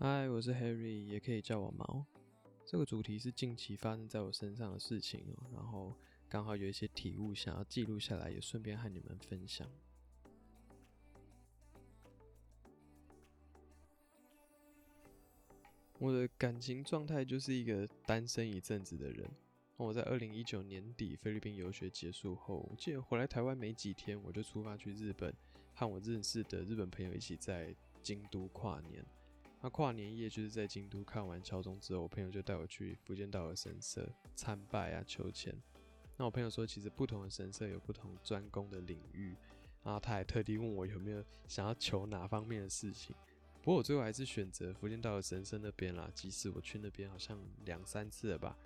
嗨，我是 Harry，也可以叫我毛。這個主題是近期發生在我身上的事情哦，然後剛好有一些體悟想要記錄下來，也順便和你們分享。我的感情狀態就是一個單身一陣子的人。我在二零一九年底菲律賓遊學結束後，我記得回來台灣沒幾天，我就出發去日本，和我認識的日本朋友一起在京都跨年。那跨年夜就是在京都看完敲鐘之後，我朋友就帶我去伏見稻荷神社參拜啊求籤。那我朋友說，其實不同的神社有不同專攻的領域，然後他還特地問我有沒有想要求哪方面的事情。不過我最後還是選擇伏見稻荷神社那邊啦，即使我去那邊好像兩三次了吧，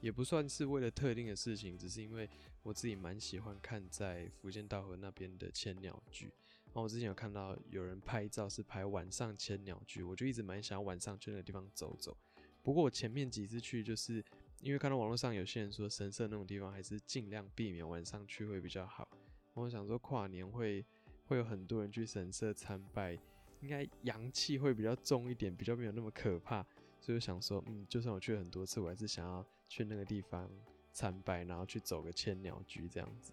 也不算是為了特定的事情，只是因為我自己蠻喜歡看在伏見稻荷那邊的千鳥居。然後，啊，我之前有看到有人拍照是拍晚上千鳥居，我就一直蠻想要晚上去那個地方走走。不過我前面幾次去，就是因為看到網絡上有些人說神社那種地方還是盡量避免晚上去會比較好。我想說跨年會會有很多人去神社參拜，應該陽氣會比較重一點，比較沒有那麼可怕，所以我想說，嗯，就算我去了很多次，我還是想要去那個地方參拜，然後去走個千鳥居這樣子。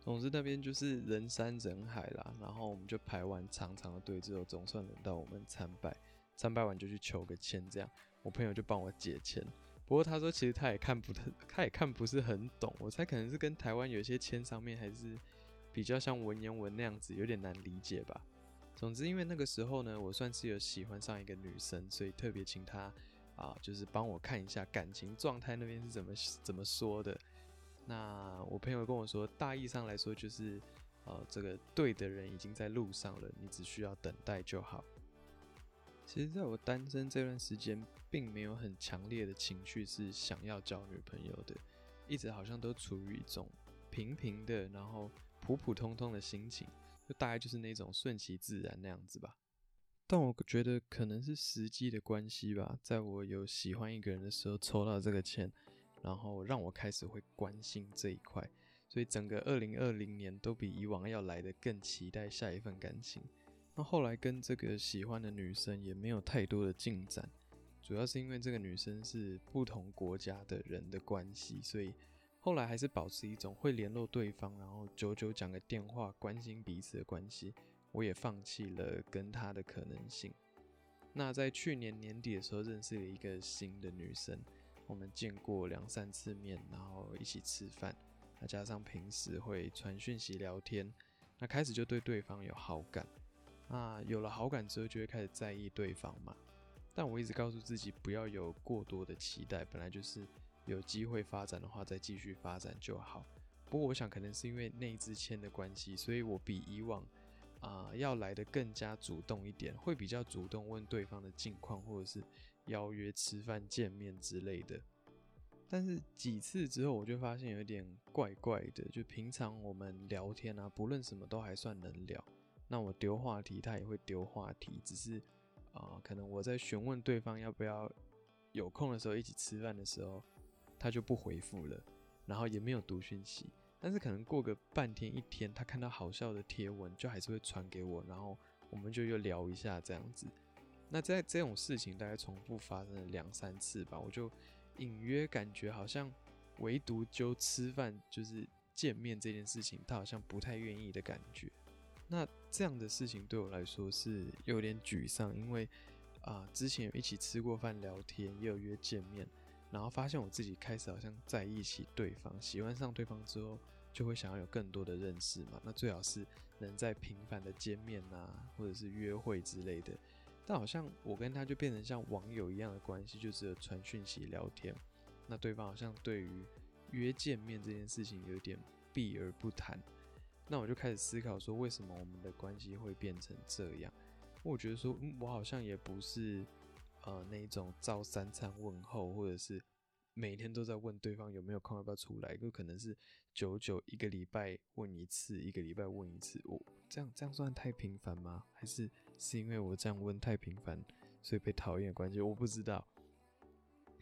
總之那邊就是人山人海啦，然後我們就排完長長的隊之後，總算輪到我們參拜，參拜完就去求個籤這樣。我朋友就幫我解籤，不過他說其實他也看不太，他也看不是很懂。我猜可能是跟台灣有些籤上面還是比較像文言文那樣子，有點難理解吧。總之因為那個時候呢，我算是有喜歡上一個女生，所以特別請他啊，就是幫我看一下感情狀態那邊是怎麼怎麼說的。那我朋友跟我說，大意上來說就是，呃，這個對的人已經在路上了，你只需要等待就好。其實，在我單身這段時間，並沒有很強烈的情緒是想要交女朋友的，一直好像都處於一種平平的，然後普普通通的心情，就大概就是那種順其自然那樣子吧。但我覺得可能是時機的關係吧，在我有喜歡一個人的時候，抽到這個籤。然後讓我開始會關心這一塊，所以整個二零二零年都比以往要來得更期待下一份感情。那後來跟這個喜歡的女生也沒有太多的進展，主要是因為這個女生是不同國家的人的關係，所以後來還是保持一種會聯絡對方，然後久久講個電話，關心彼此的關係。我也放棄了跟她的可能性。那在去年年底的時候，認識了一個新的女生。我們見過兩三次面，然後一起吃飯，那加上平時會傳訊息聊天，那開始就對對方有好感，那有了好感之後就會開始在意對方嘛。但我一直告訴自己不要有過多的期待，本來就是有機會發展的話再繼續發展就好。不過我想可能是因為那支籤的關係，所以我比以往啊、呃、要來得更加主動一點，會比較主動問對方的近況或者是。邀約吃飯、見面之類的，但是幾次之後，我就發現有點怪怪的。就平常我們聊天啊，不論什麼都還算能聊。那我丟話題，他也會丟話題，只是啊、呃，可能我在詢問對方要不要有空的時候一起吃飯的時候，他就不回覆了，然後也沒有讀訊息。但是可能過個半天、一天，他看到好笑的貼文，就還是會傳給我，然後我們就又聊一下這樣子。那在這種事情大概重複發生了兩三次吧，我就隱約感覺好像唯獨就吃飯就是見面這件事情，他好像不太願意的感覺。那這樣的事情對我來說是有點沮喪，因為啊、呃、之前有一起吃過飯聊天，也有約見面，然後發現我自己開始好像在一起，對方喜歡上對方之後，就會想要有更多的認識嘛，那最好是能在頻繁的見面啊，或者是約會之類的。但好像我跟他就變成像網友一樣的關係，就只有傳訊息聊天。那對方好像對於約見面這件事情有點避而不談。那我就開始思考說，為什麼我們的關係會變成這樣？我覺得說，嗯、我好像也不是呃那種照三餐問候，或者是每天都在問對方有沒有空要不要出來。就可能是久久一個禮拜問一次，一個禮拜問一次。我、哦、這樣這樣算太頻繁嗎？還是？是因為我這樣問太頻繁，所以被討厭的關係，我不知道。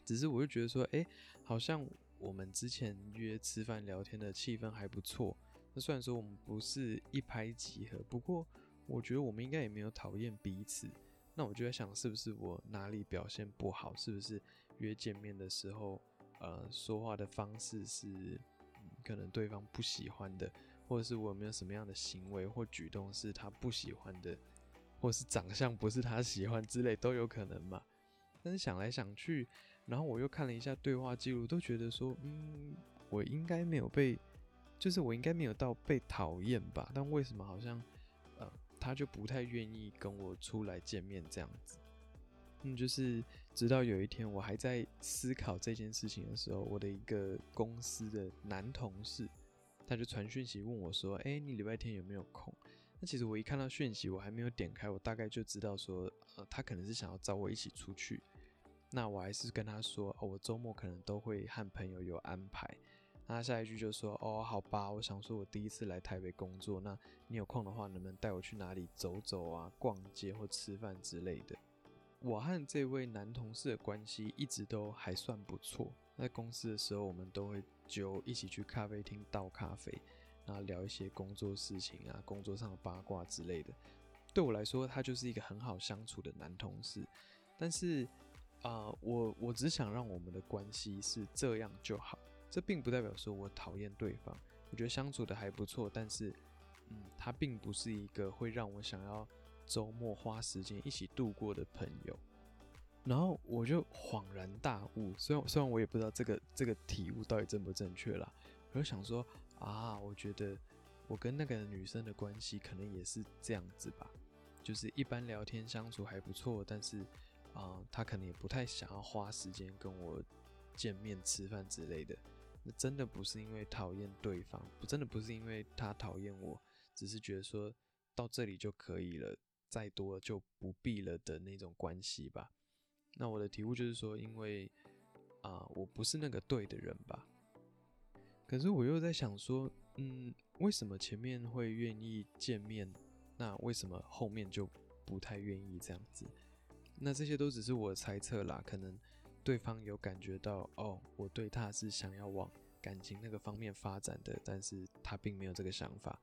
只是我就覺得說，誒、欸，好像我們之前約吃飯聊天的氣氛還不錯。那雖然說我們不是一拍即合，不過我覺得我們應該也沒有討厭彼此。那我就在想，是不是我哪裡表現不好？是不是約見面的時候，呃，說話的方式是、嗯、可能對方不喜歡的，或者是我有沒有什麼樣的行為或舉動是他不喜歡的？或是長相不是他喜歡之類，都有可能嘛？但是想來想去，然後我又看了一下對話記錄，都覺得說，嗯，我應該沒有被，就是我應該沒有到被討厭吧？但為什麼好像，呃，他就不太願意跟我出來見面這樣子？嗯，就是直到有一天，我還在思考這件事情的時候，我的一個公司的男同事，他就傳訊息問我說，哎、欸，你禮拜天有沒有空？那其實我一看到訊息，我還沒有點開，我大概就知道說，呃，他可能是想要找我一起出去。那我還是跟他說，哦，我周末可能都會和朋友有安排。那他下一句就說，哦，好吧，我想說我第一次來台北工作，那你有空的話，能不能帶我去哪裡走走啊，逛街或吃飯之類的？我和這位男同事的關係一直都還算不錯，在公司的時候，我們都會就一起去咖啡廳倒咖啡。啊，聊一些工作事情啊，工作上的八卦之類的。對我來說，他就是一個很好相處的男同事。但是，啊、呃，我我只想讓我們的關係是這樣就好。這並不代表說我討厭對方，我覺得相處的還不錯。但是，嗯，他並不是一個會讓我想要周末花時間一起度過的朋友。然後我就恍然大悟，雖然雖然我也不知道這個這個體悟到底正不正確啦，我就想說。啊，我覺得我跟那個女生的關係可能也是這樣子吧，就是一般聊天相處還不錯，但是啊，她、呃、可能也不太想要花時間跟我見面吃飯之類的。那真的不是因為討厭對方，我真的不是因為她討厭我，只是覺得說到這裡就可以了，再多就不必了的那種關係吧。那我的體悟就是說，因為啊、呃，我不是那個對的人吧。可是我又在想說，嗯，為什麼前面會願意見面？那為什麼後面就不太願意這樣子？那這些都只是我猜測啦。可能對方有感覺到，哦，我對他是想要往感情那個方面發展的，但是他並沒有這個想法。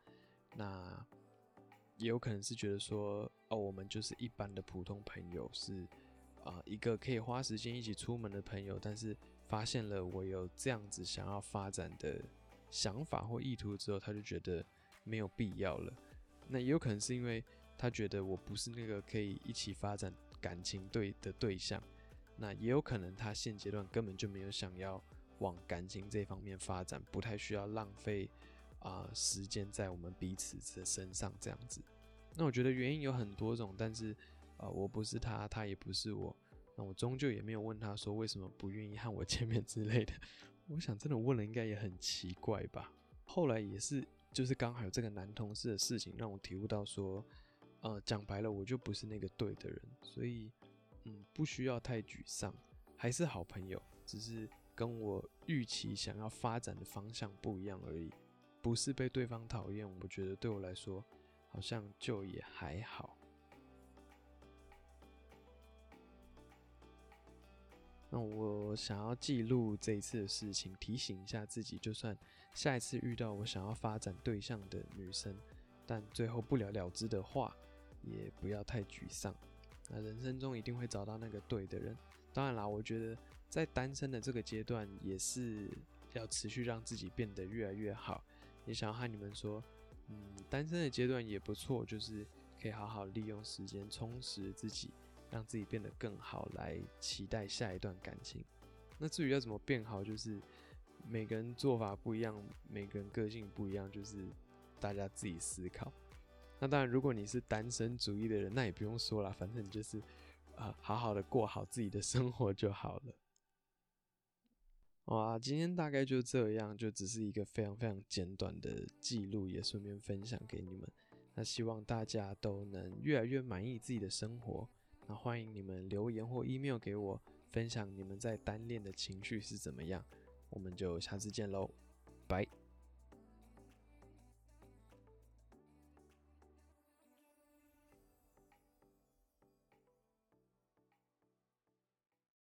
那也有可能是覺得說，哦，我們就是一般的普通朋友，是啊，呃，一個可以花時間一起出門的朋友，但是。發現了我有這樣子想要發展的想法或意圖之後，他就覺得沒有必要了。那也有可能是因為他覺得我不是那個可以一起發展感情對的對象。那也有可能他現階段根本就沒有想要往感情這方面發展，不太需要浪費啊、呃、時間在我們彼此的身上這樣子。那我覺得原因有很多種，但是啊、呃，我不是他，他也不是我。那我終究也沒有問他說為什麼不願意和我見面之類的。我想真的問了，應該也很奇怪吧。後來也是，就是剛好有這個男同事的事情，讓我體悟到說，呃，講白了，我就不是那個對的人。所以，嗯，不需要太沮喪，還是好朋友，只是跟我預期想要發展的方向不一樣而已。不是被對方討厭，我覺得對我來說，好像就也還好。那我想要記錄這一次的事情，提醒一下自己，就算下一次遇到我想要發展對象的女生，但最後不了了之的話，也不要太沮喪。那人生中一定會找到那個對的人。當然啦，我覺得在單身的這個階段，也是要持續讓自己變得越來越好。也想要和你們說，嗯，單身的階段也不錯，就是可以好好利用時間充實自己。讓自己變得更好，來期待下一段感情。那至於要怎麼變好，就是每個人做法不一樣，每個人個性不一樣，就是大家自己思考。那當然，如果你是單身主義的人，那也不用說了，反正你就是啊、呃，好好的過好自己的生活就好了。哇，今天大概就這樣，就只是一個非常非常簡短的記錄，也順便分享給你們。那希望大家都能越來越滿意自己的生活。那歡迎你們留言或 email 給我，分享你們在單戀的情緒是怎麼樣。我們就下次見嘍，拜拜。